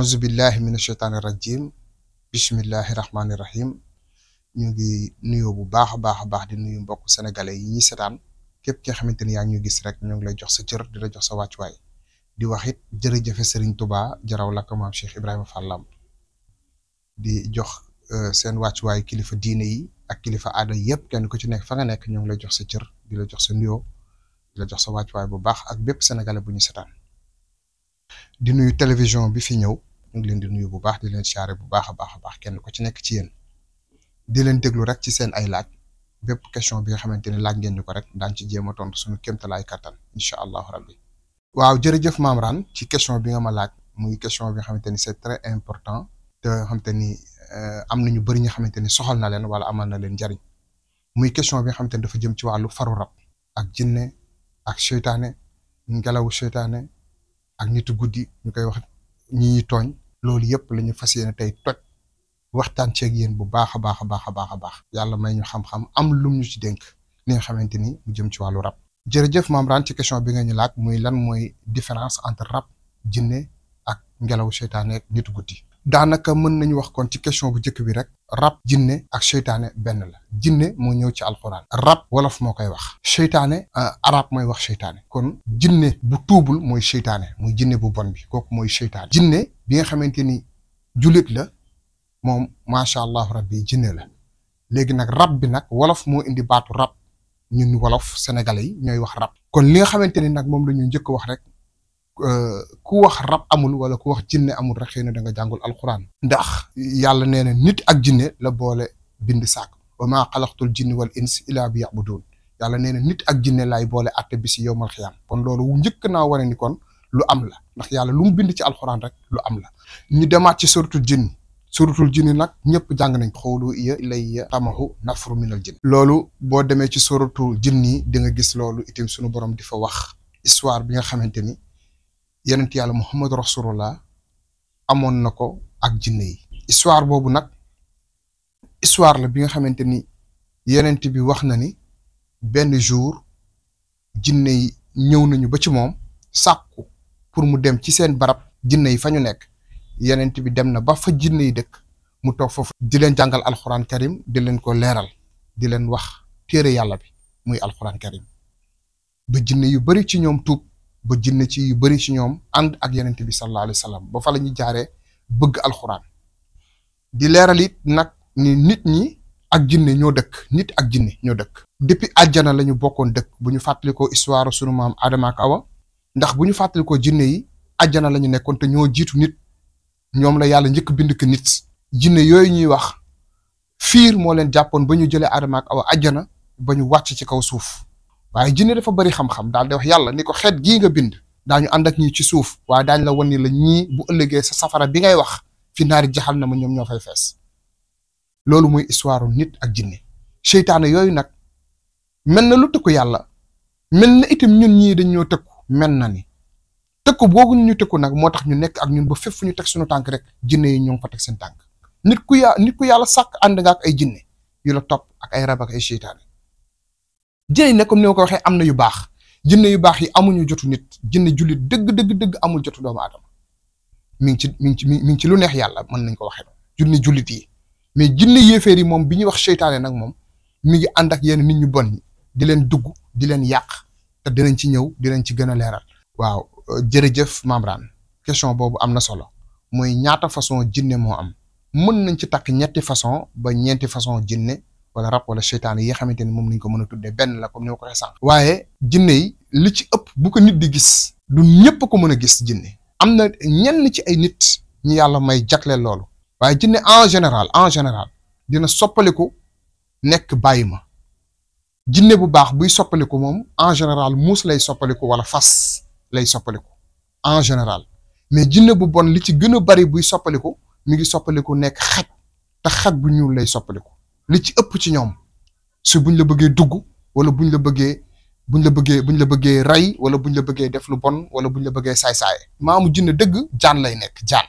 auzubillahi mina shaytaani rajim bismillahi rahmaani rahim ñu ngi nuyoo bu baax a baax a baax di nuyu mbokk sénégalais yi ñuy setaan képp ki nga xamante ni yaa ñu gis rek ñu ngi lay jox sa cër di la jox sa wàccuwaay di wax it jërëjëfe Serigne Touba jaraw la Ibrahima Fallam di jox euh, seen wàccuwaay kilifa diine yi ak kilifa aada yëpp kenn ku ci nekk fa nga nekk ñu ngi lay jox sa cër di la jox sa nuyoo di la jox sa wàccuwaay bu baax ak bépp sénégalais bu ñu setaan di nuyu télévision bi fi ñëw. ñu ngi leen di nuyu bu baax di leen siyaare bu baax a baax a baax kenn ku ci nekk ci di leen déglu rek ci seen ay laaj bépp question bi nga xamante ne laaj ngeen ñu ko rek daan ci jéem a tontu suñu kéemtalaay kattan incha allahu rabbi waaw jërëjëf Mamran ci question bi nga ma laaj muy question bi nga xamante ni c'est très important xamante ni euh, am na ñu bëri ñoo xamante ni soxal na leen wala amal na leen njariñ muy question bi nga xamante ni dafa jëm ci wàllu faru rab ak jinne ak seytaane ngelawu seytaane ak nitu guddi ñu koy wax ñi ñuy tooñ loolu yëpp la ñu fas yéene tey toj waxtaan ceeg yéen bu baax a baax a baax a baax a baax yàlla may ñu xam-xam am lum ñu ci dénk ni nga xamante ni mu jëm ci wàllu rab jërëjëf maam Rane ci question bi nga ñu laaj muy lan mooy différence entre rab jinne ak ngelaw seytaane ak nitu guddi daanaka mën nañu wax kon ci question bu njëkk bi rek rab jinne ak seytaane benn la jinne moo ñëw ci alxuraan rab wolof moo koy wax seytaane euh, arab mooy wax seytaane kon jinne bu tuubul mooy seytaane muy jinne bu bon bi kooku mooy seytaane jinne bi nga xamante ni jullit la moom macha allah rabbi jinne la léegi nag rab bi nag wolof moo indi baatu rab ñun wolof sénégalais yi ñooy wax rab kon li nga xamante ni nag moom la ñu njëkk wax rek Euh, ku wax rab amul wala ku wax jinne amul rek xëy na da nga jàngul alquran ndax yàlla nee na nit ak jinne la boole bind saak wa maa xalaqtul jinne wal ins bu bi yabudun yàlla nee na nit ak jinne laay boole atte bi si yowmal xiyaam kon loolu njëkk naa wane ni kon lu am la ndax yàlla lu mu bind ci alxuraan rek lu am la ñu demaat ci suratul jinn suratul jinn nag ñëpp jàng nañ xoolu ya lay tamahu nafru minal jinn loolu boo demee ci suratul jinn yi di nga gis loolu itam sunu borom di fa wax histoire bi nga xamante ni yonent yàlla muhammadu rasulullah amoon na ko ak jinne yi histoire boobu nag histoire la bi nga xamante ni yonent bi wax na ni benn jour jinne yi ñëw nañu ba ci moom sàkku pour mu dem ci seen barab jinne yi fa ñu nekk yeneent bi dem na ba fa jinne yi dëkk mu toog foofu di leen jàngal alxuraan karim di leen ko leeral di leen wax téere yàlla bi muy alxuraan karim ba jinne yu bari ci ñoom tuub ba jinne ci yu bëri ci ñoom ànd ak yonent bi sallallahu alayhi wa ba fa la ñuy jaaree bëgg alxuraan di leeral it nag ni nit ñi ak jinne ñoo dëkk nit ak jinne ñoo dëkk. depuis àjjana la ñu bokkoon dëkk bu ñu fàttalikoo histoire sunu maam Adama ak Awa ndax bu ñu fàttalikoo jinne yi àjjana la ñu nekkoon te ñoo jiitu nit ñoom la yàlla njëkk bind ko nit. jinne yooyu ñuy wax fiir moo leen jàppoon ba ñu jëlee Adama ak Awa àjjana ba ñu wàcc ci kaw suuf. waaye jinne dafa bari xam-xam daal di wax yàlla ni ko xeet gii nga bind daañu ànd ak ñii ci suuf waaye daañ la wan ni la ñii bu ëllëgee sa safara bi ngay wax fi naari jaxal na ma ñoom ñoo fay fees loolu mooy histoire nit ak jinne seytaane yooyu nag mel na lu tëkku yàlla mel na itam ñun ñii dañ ñoo tëkku mel na ni tëkku boobu ñu tëkku nag moo tax ñu nekk ak ñun ba fépp fu ñu teg suñu tànk rek jinne yi ñoo ngi fa teg seen tànk nit ku nit ku yàlla sàkk ànd nga ak ay jinne yu la topp ak ay rab ak ay seytaane jëy na comme ni ko waxee am na yu baax jinne yu baax yi amuñu jotu nit jinne jullit dëgg dëgg dëgg amul jotu doomu aadama mi ngi ci mi ngi ci mi ngi ci lu neex yàlla mën nañ ko waxee jinne jullit yi mais jinne yéeféer yi moom bi ñuy wax seytaane nag moom mi ngi ànd ak yenn nit ñu bon di leen dugg di leen yàq te dinañ ci ñëw dinañ ci gën a leeral. waaw jërëjëf Mamran question boobu am na solo mooy ñaata façon jinne moo am mën nañ ci takk ñetti façon ba ñeenti façon jinne wala rab wala seytaan yi nga xamante ne moom lañ ko mën a tuddee benn la comme ni ma ko waxee waaye jinne yi li ci ëpp bu ko nit di gis du ñëpp ko mën a gis jinne am na ñenn ci ay nit ñu yàlla may jagleel loolu waaye jinne en général en général dina soppaliku nekk bàyyi ma jinne bu baax buy soppaliku moom en général muus lay soppaliku wala fas lay soppaliku en général mais jinne bu bon li ci gën a bari buy soppaliku mu ngi soppaliku nekk xaj bu ñuul lay soppaliku. li ci ëpp ci ñoom si buñ la bëggee dugg wala buñ la bëggee buñ la bëggee buñ la bëggee rey wala buñ la bëggee def lu bon wala buñ la bëggee saay-saay maamu jinne dëgg jaan lay nekk jaan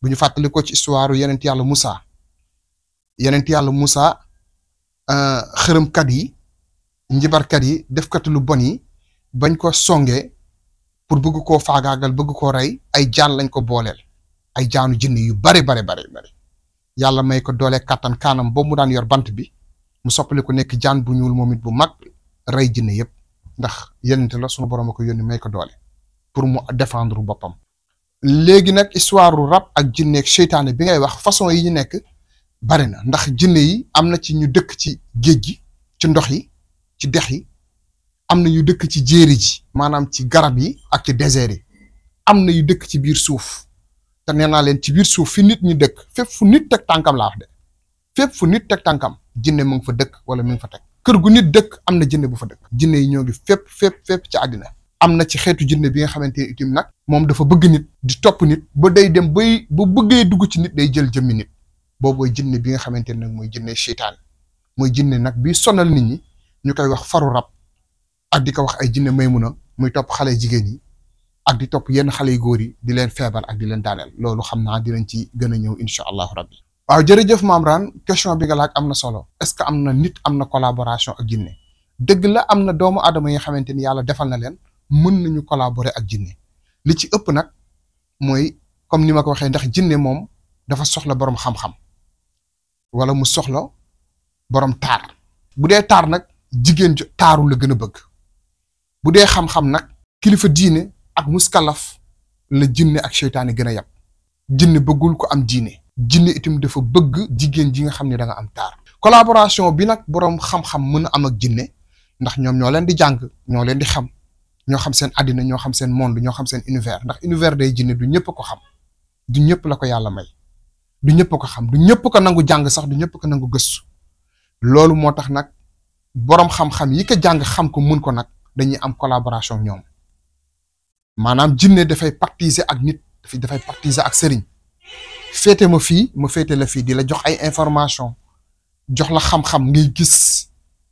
bu ñu fàttali ko ci histoire yenent yàlla Moussa yenent yàlla Moussa euh, xërëmkat yi njibarkat yi defkat lu bon yi bañ ko songee pour bëgg koo faagaagal bëgg koo rey ay jaan lañ ko booleel ay jaanu jinne yu bare bare bare bare yàlla may ko doole kàttan kaanam boobu mu daan yor bant bi mu soppali ko nekk jaan bu ñuul moomit it bu mag rey jinne yëpp ndax yenente la sunu borom a ko yónni may ko doole pour mu défendre boppam. léegi nag histoire rab ak jinne ak bi ngay wax façon yi ñu nekk bari na ndax jinne yi am na ci ñu dëkk ci géej gi ci ndox yi ci dex yi am na ñu dëkk ci jéeri ji maanaam ci garab yi ak ci désert yi am na yu dëkk ci biir suuf. te nee naa leen ci biir suuf fi nit ñi dëkk fépp fu nit teg tànkam laa wax de fépp fu nit teg tànkam jinne mu ngi fa dëkk wala mu ngi fa teg kër gu nit dëkk am na jinne bu fa dëkk jinne yi ñoo ngi fépp fépp ci àddina am na ci xeetu jinne bi nga xamante ni itam nag moom dafa bëgg nit di topp nit ba day dem bay ba bëggee dugg ci nit day jël jëmmi nit boobooy jinne bi nga xamante ne nag mooy jinne seytaan mooy jinne nag bi sonal nit ñi ñu koy wax faru rab ak di ko wax ay jinne maymuna muy topp xale jigéen yi ak di topp yenn xale yu góor yi di leen feebar ak di leen daaneel loolu xam naa dinañ ci gën a ñëw incha allah rabbi waaw jërëjëf maam Raan question bi nga laaj am na solo est-ce que am na nit am na collaboration ak jinne dëgg la am na doomu aadama yi xamante ni yàlla defal na leen mën nañu collaborer ak jinne li ci ëpp nag mooy comme ni ma ko waxee ndax jinne moom dafa soxla borom xam-xam wala mu soxla borom taar bu dee taar nag jigéen taaru la gën a bëgg bu dee xam nag kilifa diine ak muskalaf la jinne ak seytaane gën a yab jinne bëggul ko am jinne jinne itam dafa bëgg jigéen ji nga xam ne da am taar collaboration bi nag boroom xam-xam mën a am ak jinne ndax ñoom ñoo leen di jàng ñoo leen di xam ñoo xam seen àddina ñoo xam seen monde ñoo xam seen univers ndax univers day jinne du ñëpp ko xam du ñëpp la ko yàlla may du ñëpp ko xam du ñëpp ko nangu jàng sax du ñëpp ko nangu gëstu loolu moo tax nag boroom xam-xam yi ko jàng xam ko mun ko nag dañuy am collaboration ñoom maanaam jinne dafay pactiser ak nit dafay pactiser ak sëriñ féete ma fii ma féete la fii di la jox ay information jox la xam-xam ngay gis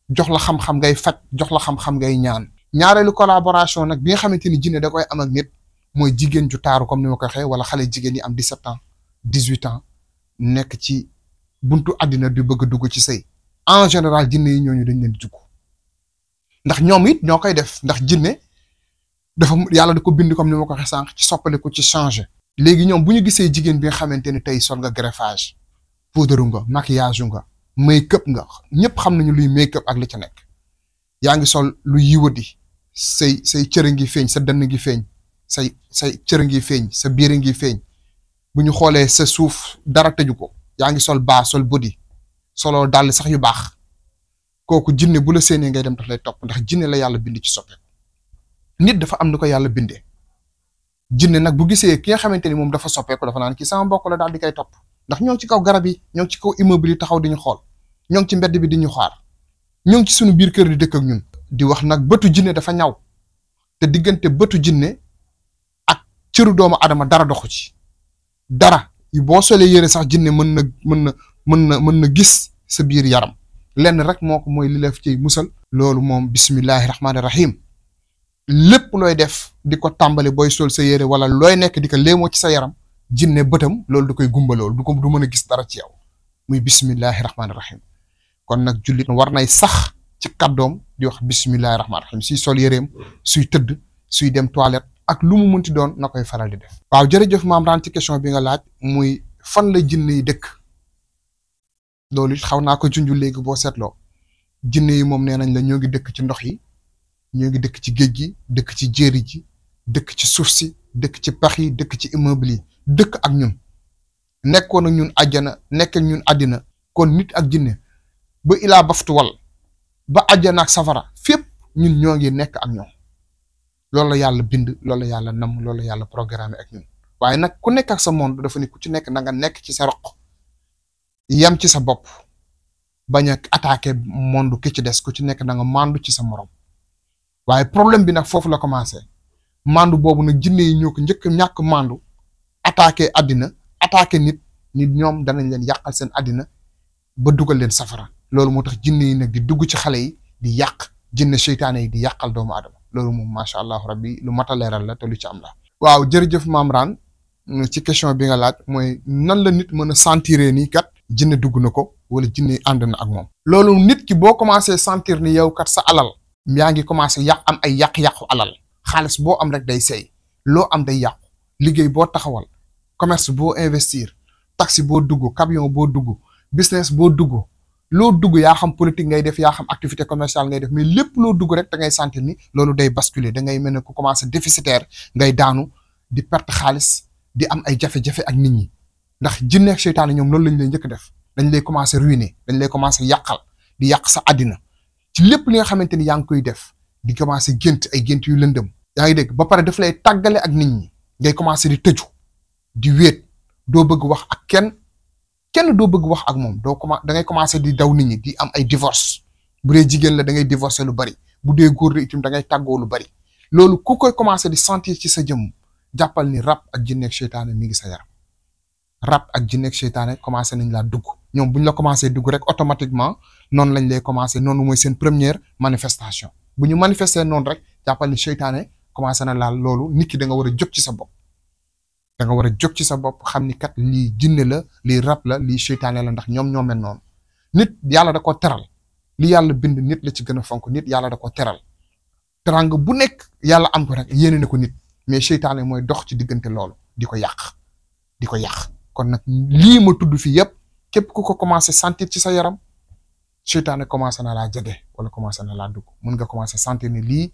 jox la xam-xam ngay faj jox la xam-xam ngay ñaan ñaareelu collaboration nag bi nga xamante ni jinne da koy am ak nit mooy jigéen ju taaru comme ni ma koy waxee wala xale jigéen yi am 17 ans 18 ans nekk ci buntu àddina di bëgg a dugg ci say en général jinne yi ñooñu dañ leen jug dugg ndax ñoom ñoo koy def ndax jinne dafa yàlla da ko bind comme ni ma ko waxee sànq ci ko ci changer. léegi ñoom bu ñu gisee jigéen bi nga xamante ne tey sol nga greffage poudre nga maquillage nga make-up nga ñëpp xam nañu luy make-up ak li ci nekk yaa ngi sol lu yiwadi say say cër ngi feeñ sa dënn ngi feeñ say say cër ngi feeñ sa biir ngi feeñ bu ñu xoolee sa suuf dara tëju ko yaa ngi sol baa sol body solo dàll sax yu baax kooku jinne bu la séenee ngay dem daf lay topp ndax jinne la yàlla bind ci soppeeku nit dafa am na ko yàlla bindee jinne nag bu gisee ki nga xamante ni moom dafa soppeeku dafa naan kii sama mbokk la daal di koy topp ndax ñoo ci kaw garab yi ñoo ci kaw immeuble yi taxaw di ñu xool ñoo ngi ci mbedd bi di ñu xaar ñoo ngi ci suñu biir kër di dëkk ak ñun. di wax nag bëtu jinne dafa ñaw te diggante bëtu jinne ak cëru doomu adama dara doxu ci dara boo solee yére sax jinne mën na mën na mën na mën na gis sa biir yaram lenn rek moo ko mooy li la fi musal. loolu moom bismillahi rahmaani rahim. lépp looy def di ko tàmbali booy sol sa yére wala looy nekk di ko léemoo ci sa yaram jinne bëtam loolu du koy gumba loolu du ko du mën a gis dara ci yow muy bismillahi rahmaani rahim kon nag jullit war nay sax ci kaddoom di wax bismillahi rahmaani rahim suy sol yéreem suy tëdd suy dem toilette ak lu mu mun munti doon na koy faral di def. waaw jërëjëf maam ran ci question bi nga laaj muy fan la jinne yi dëkk loolu xaw naa ko junj léegi boo seetloo jinne yi moom nee nañ la ñoo ngi dëkk ci ndox yi. ñoo ngi dëkk ci géej gi dëkk ci jéeri ji dëkk ci suuf si dëkk ci pax yi dëkk ci immeuble yi dëkk ak ñun nekkoon ak ñun àjjana nekk ñun àddina kon nit ak jinne ba ilaa baftuwal ba àjjana ak safara fépp ñun ñoo ngi nekk ak ñoom loolu yàlla bind loolu yàlla nam loolu yàlla programme ak ñun waaye nag ku nekk ak sa monde dafa ne ku ci nekk na nga nekk ci sa roq yam ci sa bopp bañ a attaqué monde ki ci des ku ci nekk na nga mandu ci sa morom waaye problème bi nag foofu la commencé mandu boobu nag jinne yi njëkk ñàkk mandu attaqué àddina attaqué nit nit ñoom danañ leen yàqal seen àddina ba dugal leen safara loolu moo tax jinne yi nag di dugg ci xale yi di yàq jinne seytaane yi yàqal doomu adama loolu moom macha allah rabbi lu mat a leeral la te lu ci am la. waaw jërëjëf Mame Rane ci question bi nga laaj mooy nan la nit mën a sentiree nii kat jinne dugg na ko wala jinne ànd na ak moom. loolu nit ki boo commencé sentir ni yow kat sa alal. yaa ngi commencé yàq am ay yàq-yàqu alal xaalis boo am rek day seey loo am day yàqu liggéey boo taxawal commerce boo investir taxi boo dugg camion boo dugg business boo dugg loo dugg yaa xam politique ngay def yaa xam activité commerciale ngay def mais lépp loo dugg rek da ngay sentir ni loolu day basculer da ngay mel ne ku commencé déficitaire ngay daanu di perte xaalis di am ay jafe-jafe ak nit ñi ndax jinne ak seytaane ñoom loolu lañu lay njëkk def dañ lay commencé ruiner dañ lay commencé yàqal di yàq sa àddina ci lépp li nga xamante ni yaa ngi koy def di commencé gént ay gént yu lëndëm yaa ngi dégg ba pare daf lay tàggale ak nit ñi ngay commencé di tëju di wéet doo bëgg wax ak kenn kenn doo bëgg wax ak moom doo commen da ngay commencé di daw nit ñi di am ay divorce bu dee jigéen la da ngay divorcé lu bari bu dee góor la itam da ngay tàggoo lu bari loolu ku koy commencé di sentir ci sa jëmm jàppal ni rab ak jinne ak mi ngi sa yaram rab ak jinne ak seytaane commencé nañ laa dugg ñoom bu ñu la commencé dugg rek automatiquement noonu lañ lay commencé noonu mooy seen première manifestation bu ñu manifester noonu rek jàppal ni seytaane commencé na laal loolu nit ki danga war a jóg ci sa bopp da nga war a jóg ci sa bopp xam ni kat lii jinne la lii rab la lii seytaane la ndax ñoom ñoo mel noonu nit yàlla da ko teral li yàlla bind nit la ci gën a fonk nit yàlla da ko teral teranga bu nekk yàlla am ko rek yeneen ko nit mais seytaane mooy dox ci diggante loolu di ko yàq di ko yàq kon nag lii ma tudd fii yëpp képp ku ko commencé sentir ci sa yaram seytaane commencé na laa jege wala commencé na laa dugg mun nga commencé sentir ni lii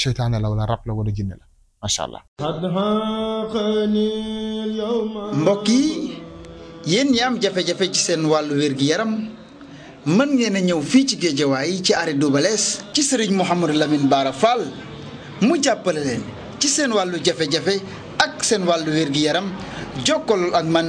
seytaane la wala rab la wala jinne la macha allah. mbokk yi yéen ñi am jafe-jafe ci seen wàllu wér-gi-yaram mën ngeen a ñëw fii ci géejawaay ci arrêt Doubalès ci sëriñ Mouhamadou Lamine Bara fal mu jàppale leen ci seen wàllu jafe-jafe ak seen wàllu wér-gi-yaram jokkalool ak man.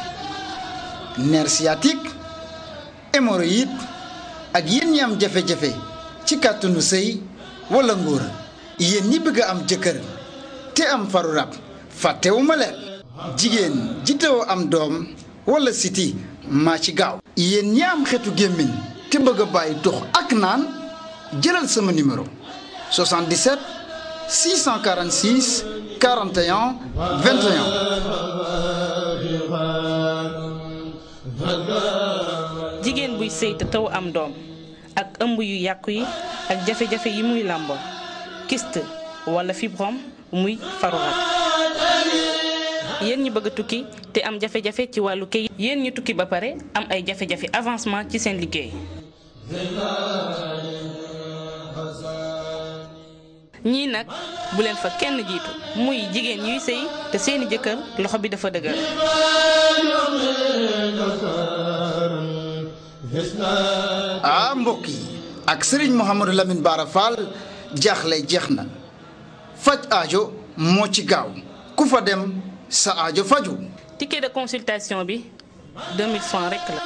nerf sciatique hémorroïde ak yéen ñi am jafe-jafe ci kàttanu sëy walla ngóor yéen ñi bëgg a am jëkkër te am faru rab fàttewuma leen jigéen ji am doom walla siti maa ci gaaw yéen ñi am xeetu gémmiñ te bëgg a bàyyi tux ak naan jëlal sama numéro 77 646 41 21 sëy te taw am doom ak ëmb yu yàqu yi ak jafe-jafe yi muy làmbo kyste walla fibrome muy faru rab ñi bëgg tukki te am jafe-jafe ci wàllu kay yéen ñi tukki ba pare am ay jafe-jafe avancement ci seen liggéey ñii nag bu leen fa kenn jiitu muy jigéen yuy sëy te seeni jëkkër loxo bi dafa dëgër ah mbokki ak Serigne Mouhamadou Lamine Bara jaaxle jeex na faj ajo moo ci gaaw ku fa dem sa aajo faju ticket de consultation bi 2000 francs rek la.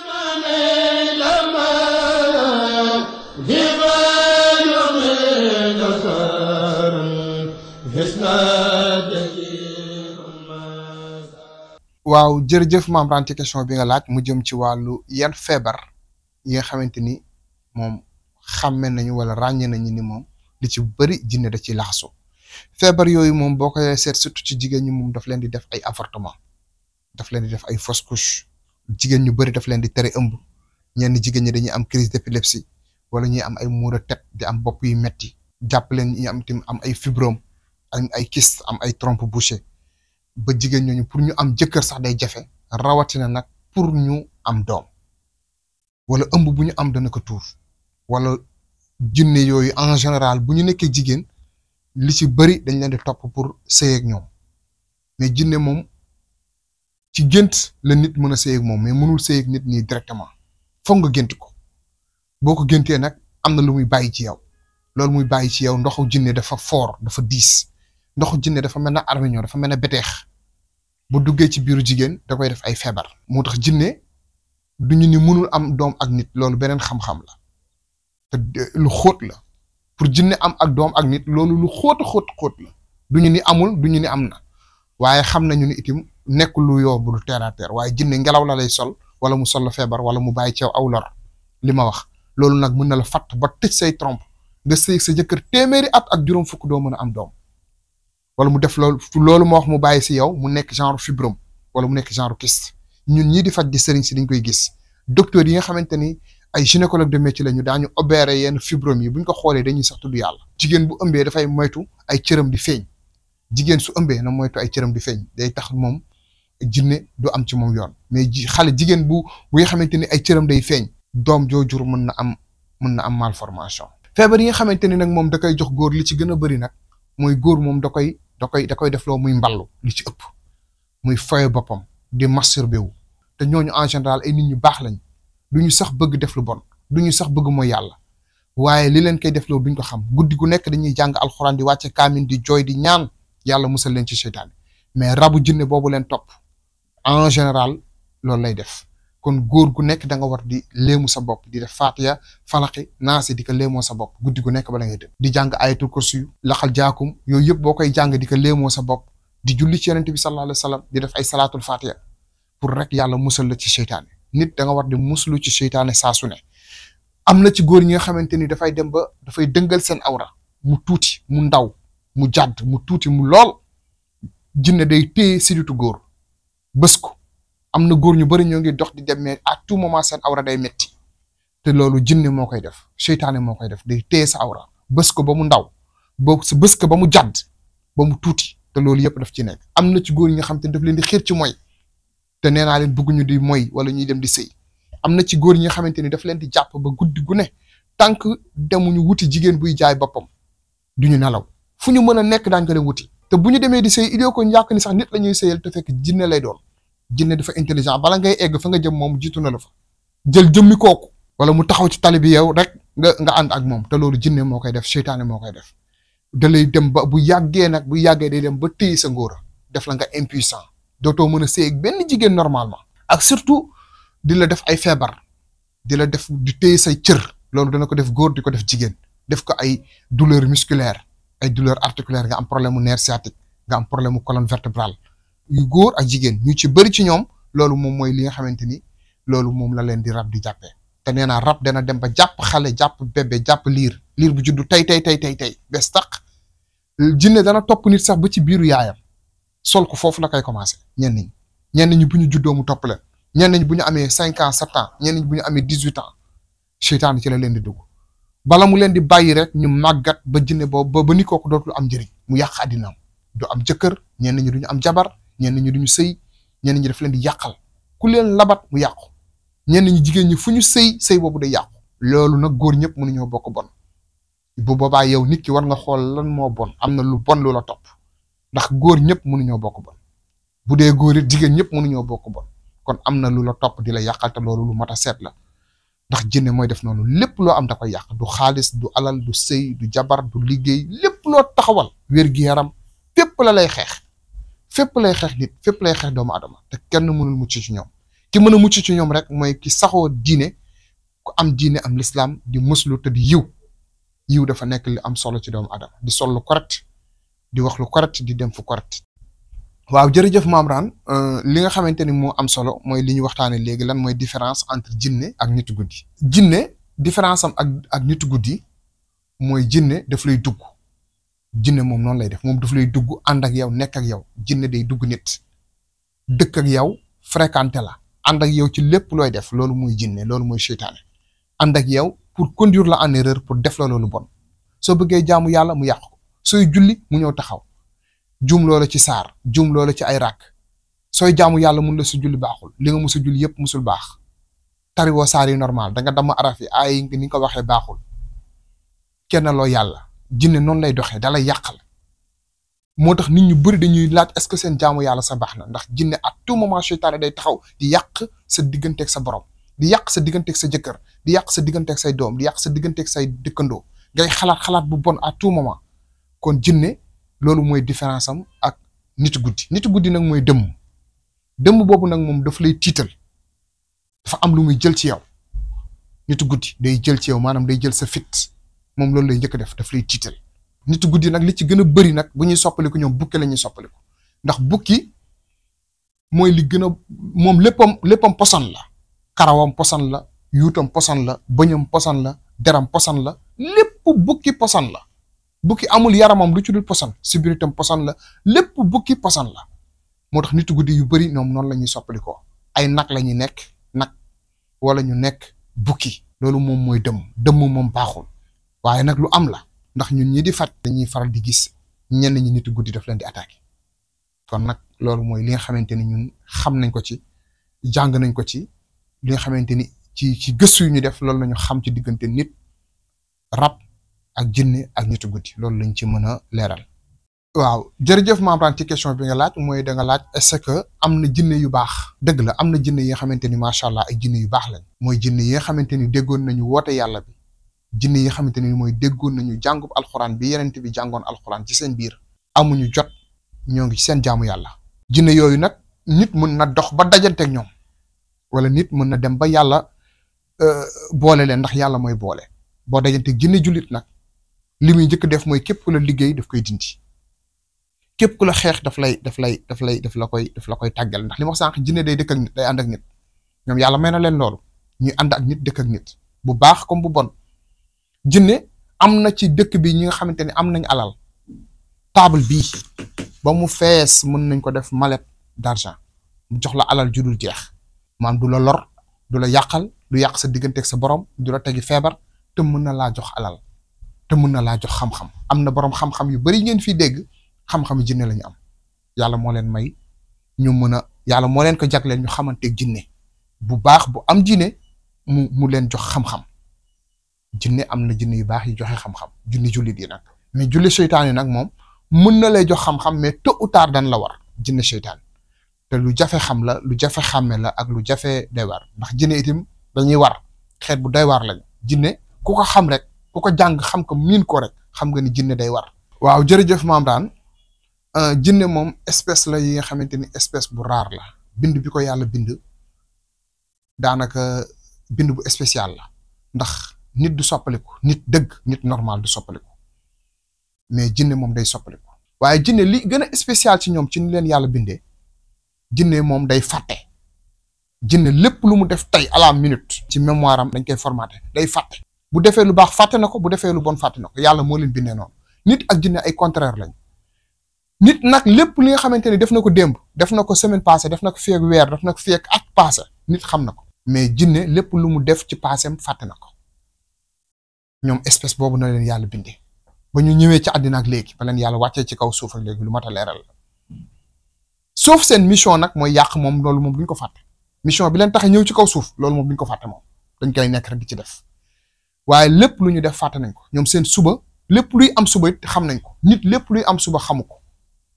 waaw jërëjëf maam ran ci question bi nga laaj mu jëm ci wàllu yan feebar yi nga xamante ni moom xàmme nañu wala ràññee nañu ni moom li ci bëri jinne da ci laxasu feebar yooyu moom boo ko seet surtout ci jigéen ñi moom daf leen di def ay apportement daf leen di def ay fausse couche jigéen ñu bëri daf leen di tere ëmb ñenn jigéen ñi dañuy am crise d'épilepsie wala ñuy am ay muur a tête di am bopp yu metti jàpp leen ñu am tim am ay fibrome am ay kyste am ay trompe bouchée ba jigéen ñooñu pour ñu am jëkkër sax day jafe rawatina nag pour ñu am doom wala ëmb bu ñu am dana ko tuur wala jinne yooyu en général bu ñu nekkee jigéen li ci bëri dañ leen di topp pour sëy ñoom mais jinne moom ci gént la nit mën a sëy moom mais mënul sëy nit nii directement foog nga gént ko boo ko géntee nag am na lu muy bàyyi ci yow loolu muy bàyyi ci yow ndoxu jinne dafa fort dafa diis ndoxu jinne dafa mel ne armiñoo dafa mel ne beteex bu duggee ci biiru jigéen da koy def ay feebar moo tax jinne du ñu ni mënul am doom ak nit loolu beneen xam-xam la lu xóot la pour jinne am ak doom ak nit loolu lu xóot xóot xóot la du ñu ni amul du ñu ni am na waaye xam nañu ni itim nekk lu yomb lu terre waaye jinne ngelaw la lay sol wala mu sol la feebar wala mu bàyyi ceew aw li ma wax loolu nag mën na la fàtt ba tëj say tromp nga sëy sa jëkkër téeméeri at ak juróom fukk doo mën a am doom walla mu def loolu loolu ma wax mu bàyyi si yow mu nekk genre fibrome wala mu nekk genre kyste ñun ñii di faj di sëriñ si dañ koy gis docteur yi nga xamante ni ay gynécologue de métier la ñu daañu opérer yenn fibrome yi bu ñu ko xoolee dañuy sax tudd yàlla. jigéen bu ëmbee dafay moytu ay cëram di feeñ jigéen su ëmbee na moytu ay cëram di day tax moom jinne du am ci moom yoon mais ji xale jigéen bu bu xamante ni ay cëram day feeñ doom joojur mën na am mën na am malformation. feebar yi nga xamante ni nag moom da koy jox góor li ci gën a bëri nag mooy góor moom da koy da koy da koy defloo muy mballu li ci ëpp muy foye boppam. di masturbé wu te ñooñu en général ay nit ñu baax lañ du ñu sax bëgg def lu bon du ñu sax bëgg mooy yàlla waaye li leen koy def loolu ñu ko xam guddi gu nekk dañuy jàng alxuraan di wàcce kaamin di jooy di ñaan yàlla musal leen ci seytaane mais rabu jinne boobu leen topp en général loolu lay def kon góor gu nekk da nga war di léemu sa bopp di def faatiya falaqi naasi di ko léemoo sa bopp guddi gu nekk bala ngay dëpp di jàng ayatul kursi yu laxal jaakum yooyu yëpp boo koy jàng di ko léemoo sa bopp di julli ci yonent bi sallallahu alayhi di def ay salaatul fatiha pour rek yàlla musal la ci seytaane nit danga nga war di muslu ci seytaane saa ne am na ci góor ñi nga xamante ni dafay dem ba dafay dëngal seen awra mu tuuti mu ndaw mu jàdd mu tuuti mu lool jinne day téye siditu góor bës ko am na góor ñu bari ñoo ngi dox di dem mais à tout moment seen awra day metti te loolu jinne moo koy def seytaane moo koy def day téye sa awra bës ko ba mu ndaw boo ba mu jàdd ba mu tuuti te loolu yëpp daf ci nekk am na ci góor ñi nga xam te daf leen di xiir mooy te nee naa leen ñu di mooy wala ñuy dem di sëy am na ci góor ñi nga xamante ni daf leen di jàpp ba guddi gune ne tànk demuñu wuti jigéen buy jaay boppam duñu nelaw fu ñu mën a nekk daañu ko wuti te bu ñu demee di sëy idée ko njàkk ni sax nit la ñuy sëyal te fekk jinne lay doon jinne dafa intelligent bala ngay egg fa nga jëm moom jiitu na la fa jël jëmmi kook wala mu taxaw ci tali bi yow rek nga nga ànd ak moom te loolu jinne moo koy def seytaane moo koy def da dem ba bu yàggee nag bu day dem ba téye sa ngóora def la nga impuissant dootoo mën a séy ak benn jigéen normalement ak surtout di la def ay feebar di la def di téye say cër loolu dana ko def góor di ko def jigéen def ko ay douleur musculaire ay douleur articulaire nga am problème mu nerf sciatique nga am problème mu colonne vertébrale yu góor ak jigéen ñu ci bëri ci ñoom loolu moom mooy li nga xamante ni loolu moom la leen di rab di jàppee te nee naa rab dana dem ba jàpp xale jàpp bébé jàpp liir liir bu juddu tey tey tey tey tey bes taq jinne dana topp nit sax ba ci biiru yaayam sol ko foofu la koy commencé ñenn ñi ñenn ñi bu ñu juddoo mu topp leen ñenn ñi bu ñu amee cinq ans sept ans ñenn ñi bu ñu amee dix huit ans seytaan ci la leen di dugg bala mu leen di bàyyi rek ñu màggat ba jinne boobu ba nikoo kooku dootul am njëriñ mu yàq àddinaam du am jëkkër ñenn ñi duñu am jabar ñenn ñu duñu sëy ñenn ñu daf leen di yàqal ku leen labat mu yàqu ñenn ñu jigéen ñi fu ñu sëy sëy boobu day yàqu loolu nag góor ñëpp mënuñoo bokk bon bu boobaa yow nit ki war nga xool lan moo bon am na lu bon lu la topp ndax góor ñëpp mënuñoo bokk bon bu dee góor it jigéen ñëpp mënuñoo bokk bon kon am na lu la topp di la yàqal loolu lu mat a seet la ndax jinne mooy def noonu lépp loo am da koy yàq du xaalis du alal du sëy du jabar du liggéey lépp loo taxawal wér-gi-yaram fépp la lay xeex fépp lay xeex nit fépp lay xeex doomu adama te kenn mënul mucc ci ñoom ki mën a mucc ci ñoom rek mooy ki saxoo diine ku am diine am lislaam di muslu te di yiw dafa nekk li am solo ci doomu adama di sol lu correct di wax lu correct di dem fu koret waaw jërëjëf Mamran euh, li nga xamante ni moo am solo mooy li ñu waxtaanee léegi lan mooy différence entre jinne ak nitu guddi jinne différence am ak ak nitu guddi mooy jinne daf lay dugg jinne moom noonu lay def moom daf lay dugg ànd ak yow nekk ak yow jinne day dugg nit dëkk ak yow fréquenté la ànd ak yow ci lépp looy def loolu mooy jinne loolu mooy seytaane ànd ak yow pour conduire la en erreur pour def la loolu bon soo bëggee jaamu yàlla mu yàq ko sooy julli mu ñëw taxaw juum loola ci saar juum loola ci ay ràkk sooy jaamu yàlla mun la sa julli baaxul li nga mus a yëpp musul baax tariwoo saar yi normal da nga damm araf yi ay ni nga ko waxee baaxul kenn loo yàlla jinne noonu lay doxee da lay yàqal moo tax nit ñu bëri dañuy laaj est-ce que seen jaamu yàlla sa baax na ndax jinne à tout moment seytaane day taxaw di yàq sa digganteeg sa borom. di yàq sa digganteeg sa jëkkër di yàq sa digganteeg say doom yàq sa digganteeg say dëkkandoo ngay xalaat xalaat bu bon à tout moment kon jinne loolu mooy différence am ak nit guddi nit guddi nag mooy dëmm dëmm boobu nag moom daf lay tiital dafa am lu muy jël ci yow nit guddi day jël ci yow maanaam day jël sa fit moom loolu day njëkk def daf lay tiital nit guddi nag li ci gën a bëri nag bu ñuy soppaliku ñoom bukki la ñuy soppaliku ndax bukki mooy li gën a moom léppam léppam poson la karawam posan la yuutam posan la bëñam posan la deram posan la lépp bukki posan la bukki amul yaramam lu ci dul posan sibiritam posan la lépp bukki posan la moo tax nitu guddi yu bëri ñoom noonu la ñuy soppali ay nag lañuy nekk nag wala ñu nekk bukki loolu moom mooy dëmm dëmm moom baaxul waaye nag lu am la ndax ñun ñi di faj dañuy faral di gis ñenn ñi nitu guddi daf leen di attaque kon nag loolu mooy li nga xamante ni ñun xam nañ ko ci jàng nañ ko ci li nga xamante ni ci ci gëstu yu ñu def loolu lañu xam ci diggante nit rab ak jinne ak nitu guddi loolu lañ ci mën a leeral. waaw jërëjëf Mame ci question bi nga laaj mooy danga laaj est que am na jinne yu baax dëgg la am na jinne yi nga xamante ni macha allah ak jinne yu baax lañ mooy jinne yi nga xamante ni déggoon nañu woote yàlla bi jinne yi nga xamante ni mooy déggoon nañu jàngub alxuraan bi yenente bi jàngoon alxuraan ci seen biir amuñu jot ñoo ngi ci seen jaamu yàlla jinne yooyu nag nit mën na dox ba dajanteeg ñoom wala nit mën na dem ba yàlla euh, boole leen ndax yàlla mooy boole boo dajanteeg jinne julit nag li muy njëkk def mooy képp ku la liggéey def koy dindi képp ku la xeex daf lay daf lay daf lay daf la koy daf la koy tàggal ndax li ma sànq jinne day dëkk ak nit day ànd ak nit ñoom yàlla may na leen loolu ñu ànd ak nit dëkk ak nit bu baax comme bu bon jinne am na ci dëkk bi ñi nga xamante ne am nañ alal table bi ba mu fees mën nañ ko def malet d'argent mu jox la alal ju jeex maanaam du la lor du la yàqal du yàq sa digganteeg sa borom du la tegi feebar te mun na laa jox alal te mën na laa jox xam-xam am na borom xam-xam yu bari ngeen fii dégg xam-xam jinne la ñu am yàlla moo leen may ñu mën a yàlla moo leen ko jagleel ñu xamanteeg jinne bu baax bu am jinne mu leen jox xam-xam jinne am na jinne yu baax yu joxe xam-xam jinne jullit yi nag mais julli seytaan yi nag moom mën na lay jox xam-xam mais tôt ou tard dañ la war jinne seytaan lu jafe xam la lu jafe xàmme la ak lu jafe doy waar ndax jinne itam dañuy war xeet bu doy waar lañ jinne ku ko xam rek ku ko jàng xam ko miin ko rek xam nga ni jinne day war. waaw jërëjëf maam daan euh, jinne moom espèce la yi nga xamante ni espèce bu raar la bind bi ko yàlla bind daanaka bind bu spécial la ndax nit du soppaliku nit dëgg nit normal du soppaliku mais jinne moom day soppaliku. waaye jinne li gën a ci ñoom ci ni leen yàlla bindee. jinne moom day fàtte jinne lépp lu mu def tey à la minute ci mémoire am dañ koy formaté day fàtte bu defee lu baax fàtte na ko bu defee lu bon fàtte na ko yàlla moo leen bindee noonu nit ak jinne ay contraire lañ nit nag lépp li nga xamante ni def na ko démb def na ko semaine passée def na ko feeg weer def na ko feeg at passé nit xam na ko mais jinne lépp lu mu def ci passém fàtte na ko ñoom espèce boobu na leen yàlla bindee ba ñu ñëwee ci àddina ak léegi ba leen yàlla wàccee ci kaw suuf léegi lu mat a leeral sauf seen mission nag mooy yàq moom loolu moom duñ ko fàtt mission bi leen tax a ñëw ci kaw suuf loolu moom duñ ko fàtte moom dañ koy nekk rek di ci def waaye lépp lu ñu def fàtte nañ ko ñoom seen suba lépp luy am suba xam nañ ko nit lépp luy am suba xamu ko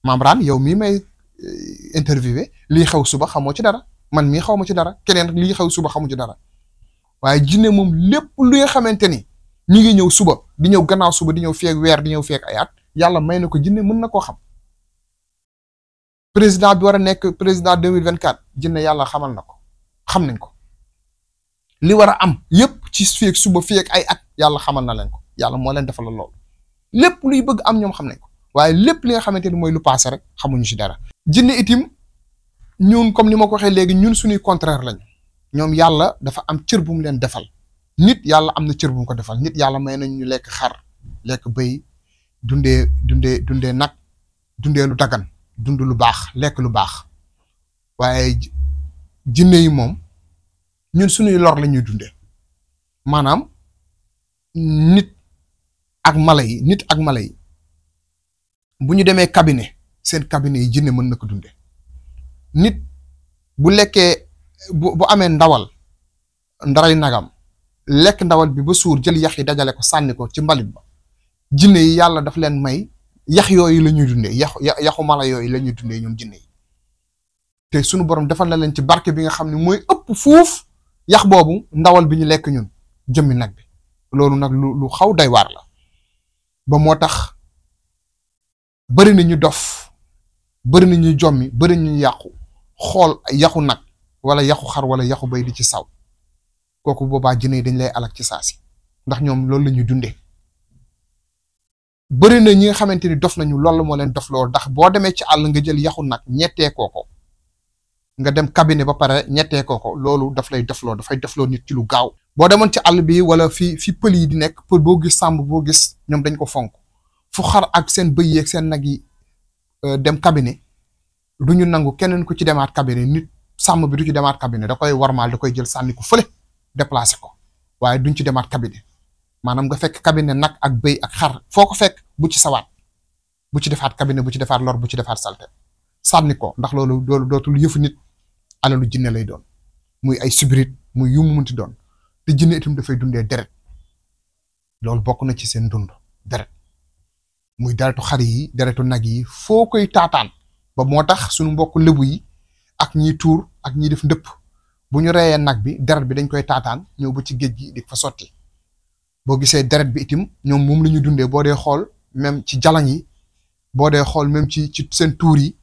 Membrane yow mii may euh, interviewé lii xew suba xamoo ci dara man mii xaw ma ci dara keneen lii xew suba xamu ci dara waaye jinne moom lépp luy xamante ni ñu ngi ñëw suba di ñëw gannaaw suba di ñëw feeg weer di ñëw feek ay at yàlla may na ko jinne mën na koo xam. président bi war a nekk président deux mille vingt quatre jinne yàlla xamal na ko xam nañ ko li war a am yépp ci fii ak suba fii ay at yàlla xamal na leen ko yàlla moo leen defal loolu lépp luy bëgg am ñoom xam nañ ko waaye lépp li nga xamante ni mooy lu paase rek xamuñu ci dara. jinne itim ñun comme ni ma ko waxee léegi ñun suñuy contraire lañ ñoom yàlla dafa am cër bu leen defal nit yàlla am na cër bu ko defal nit yàlla may nañ ñu lekk xar lekk bëy dundee dundee dundee nag dundee lu dagan dund lu baax lekk lu baax waaye jinne yi moom ñun suñuy lor lañuy ñuy dunde maanaam nit ak mala yi nit ak mala yi bu ñu demee cabinet seen cabinet yi jinne mën na ko dunde nit bu lekkee bu amee ndawal ndaray nagam lekk ndawal bi ba suur jël yax yi dajale ko sànni ko ci mbalit ba jinne yi yàlla daf leen may yax yooyu la ñuy dundee yax yaxu mala yooyu la ñuy dundee ñoom jinne yi te sunu borom defal na leen ci barke bi nga xam ne mooy ëpp fuuf yax boobu ndawal bi ñu lekk ñun jëmmi nag bi loolu nag lu lu xaw day la ba moo tax bëri na ñu bëri na ñu jommi bëri na ñu yàqu xool yaxu nag wala yaxu xar wala yaxu bay di ci saw kooku boobaa jinne yi dañ lay alak ci saasi ndax ñoom loolu la ñuy dundee bëri na ñi nga xamante ni dof nañu loolu moo leen dof lool ndax boo demee ci àll nga jël yaxu nag ñettee kooko nga dem cabinet ba pare ñettee kooko loolu daf lay dofloo dafay dofloo nit ci lu gaaw boo demoon ci àll bi wala fi fi pël yi di nekk pour boo gis sàmm boo gis ñoom dañ ko fonk fu xar ak seen bëy yeeg seen nag yi euh, dem cabinet du ñu nangu keneen ku ci demaat cabinet nit sàmm bi du ci demaat cabinet da koy warmaal da koy jël sànni ko fële déplacé ko waaye duñ ci demaat cabinet maanaam nga fekk kabine nag ak bëy ak xar foo ko fekk bu ci sawaat bu ci defaat kabine bu ci defaat lor bu ci defaat salte sànni ko ndax loolu loolu dootul yëfu nit alalu jinne lay doon muy ay subrit muy yu doon te jinne itam dafay dundee deret loolu bokk na ci seen dund deret muy deretu xar yi deretu nag yi foo koy taataan ba moo tax suñu mbokku lëbu yi ak ñi tuur ak ñi def ndëpp bu ñu reyee nag bi deret bi dañ koy taataan ñëw ba ci géej gi di boo gisee deret bi itim ñoom moom la ñu dundee boo dee xool même ci jalañ yi boo dee xool même ci ci seen tuur yi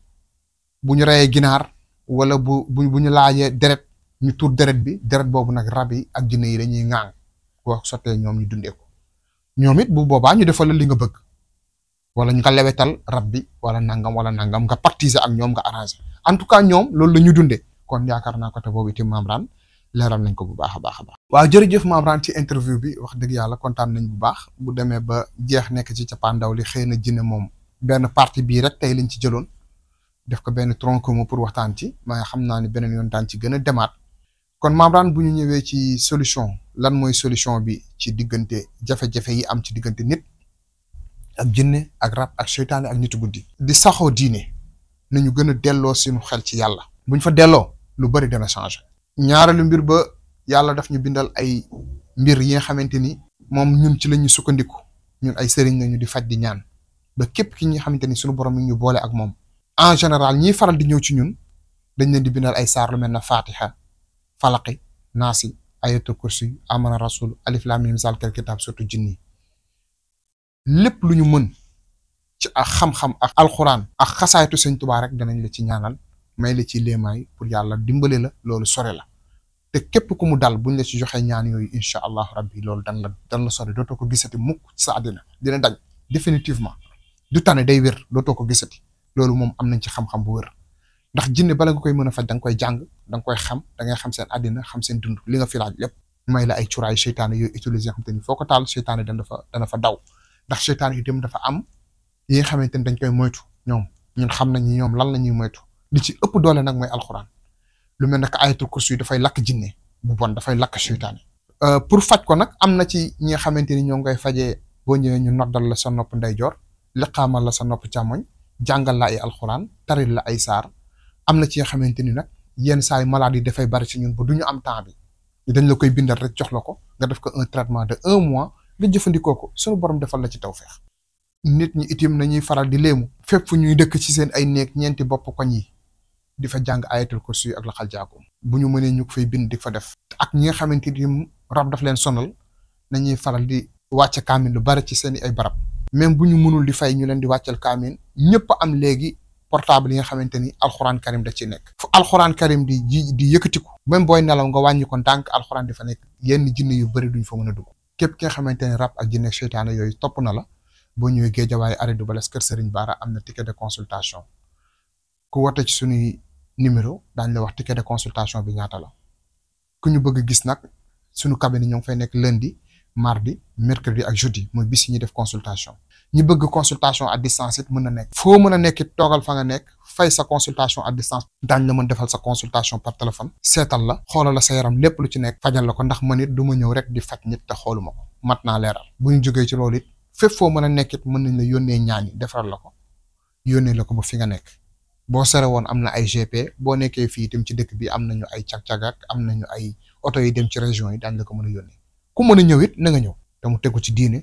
bu ñu reyee ginaar wala bu bu bu ñu laajee deret ñu tuur deret bi deret boobu nag rab yi ak jinne yi dañuy ŋaang boo sottee ñoom ñu dundee ko ñoom it bu boobaa ñu defal la li nga bëgg wala ñu nga lewetal rab bi wala nangam wala nangam nga partiser ak ñoom nga arranger en tout cas ñoom loolu la ñu dundee kon yaakaar naa côté boobu itam membrane leeral nañ ko bu baax a baax a baax. waaw jërëjëf Mame Rane ci interview bi wax dëgg yàlla kontaan nañ bu baax bu demee ba jeex nekk ci cappaandaw li xëy na jinne moom benn partie bii rek tey lañ ci jëloon def ko benn tronc pour waxtaan ci mais xam naa ni beneen yoon daan ci gën a demaat. kon Mame bu ñu ñëwee ci solution lan mooy solution bi ci diggante jafe-jafe yi am ci diggante nit ak jinne ak rab ak seytaane ak nitu guddi. di saxoo diine nañu gën a delloo suñu xel ci yàlla. buñ fa delloo lu bari dana ñaareelu mbir ba yàlla def ñu bindal ay mbir yi nga xamante ni moom ñun ci la ñu sukkandiku ñun ay sëriñ la di faj di ñaan ba képp ki nga xamante ni sunu borom mi ñu boole ak moom. en général ñiy faral di ñëw ci ñun dañ leen di bindal ay saar lu mel ne Fatiha Falaqi Naasi ayatul kursi amana rasul alif lam mim zalikal kitab surtout jinni lépp lu ñu mën ci ak xam-xam ak alxuraan ak xasaaytu sëñ Tuubaa rek danañ la ci ñaanal. may la ci léemaay pour yàlla dimbale la loolu sore la te képp ku mu dal buñ la ci joxee ñaan yooyu incha allah rabbi loolu dan la dan la sore dootoo ko gisati mukk sa àddina dina dañ définitivement du tane day wér dootoo ko gisati loolu moom am nañ ci xam-xam bu wér ndax jinne bala nga koy mën a faj danga koy jàng da nga koy xam da ngay xam seen àddina xam seen dund li nga fi laaj lépp may la ay curaay seytaane yooyu utiliser xam te foo ko taal seytaane dana fa dana fa daw ndax seytaane yi dem dafa am yi nga xamante ni dañ koy moytu ñoom ñun xam nañu ñoom lan la ñuy moytu li ci ëpp doole nag mooy alxuraan lu mel ne que ayatul kursi dafay lakk jinne bu bon dafay lakk seytaane euh, pour faj ko nag am na ci ñi xamante ni ñoo ngi koy fajee boo ñëwee ñu noddal la sa nopp ndeyjoor liqaamal la sa nopp càmmoñ jàngal la ay alxuraan taril la ay saar am na ci nga xamante ni nag yenn saa yi malade yi bari ci ñun ba du ñu am temps bi dañ la koy bindal rek jox la ko nga def ko un traitement de un mois da jëfandikoo ko suñu borom defal la ci feex nit ñi itim nañuy faral di leemu fépp fu ñuy dëkk ci seen ay néeg ñeenti bopp koñ yi di fa jàng ayatul kursi ak la xal jaakum bu ñu mënee ñu ko fay bind di fa def ak ñi nga xamante ni rab daf leen sonal na nañuy faral di wàcce kaamin lu bari ci seen ay barab même bu ñu mënul di fay ñu leen di wàccal kaamin ñëpp am léegi portable yi nga xamante ni alxuraan karim da ci nekk fu alxuraan karim di ji di yëkkatiku même booy nelaw nga wàññi ko ndànk alxuraan di fa nekk yenn jinne yu bëri duñ fa mën a dugg képp ki nga xamante ni rab ak jinne seytaane yooyu topp na la boo ñëwee géejawaay arrêt du bales kër Serigne Bara am na consultation ku woote ci suñuy numéro daañu la wax ticket de consultation bi ñaata la ku ñu bëgg gis nag suñu cabinet ñoo ngi fay nekk lundi mardi mercredi ak jeudi mooy bis yi ñuy def consultation ñi bëgg consultation à distance it mën na nekk foo mën a nekk toogal fa nga nekk fay sa consultation à distance daañ la mën defal sa consultation par téléphone seetal la xoolal la sa yaram lépp lu ci nekk fajal la ko ndax ma it du ma ñëw rek di faj nit te xooluma ko mat naa leeral bu ñu jógee ci loolu it fépp foo mën a nekk mën nañ la yónnee ñaan yi defaral la ko yónnee la nga nekk boo sore woon am na ay GP boo nekkee fii itam ci dëkk bi am nañu ay cag-cag ak am nañu ay oto yi dem ci région yi daan la ko mën a yónnee ku mën a ñëw it na ñëw te mu tegu ci diine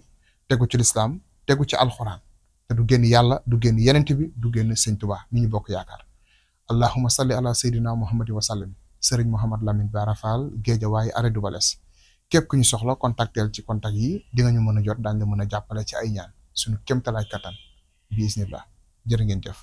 tegu ci lislaam tegu ci alxuraan te du génn yàlla du génn yenent bi du génn sëñ Tuubaa mi ñu bokk yaakaar allahuma salli ala sayyidina muhammadin wa sallim sëriñ Mouhamad Lamine Bara Fall Guédiawaye arrêt Doubalès képp ku ñu soxla contactel ci contact yi di mën a jot daañu la mën a jàppale ci ay ñaan suñu kéemtalaay kattan bismillah jërë ngeen jëf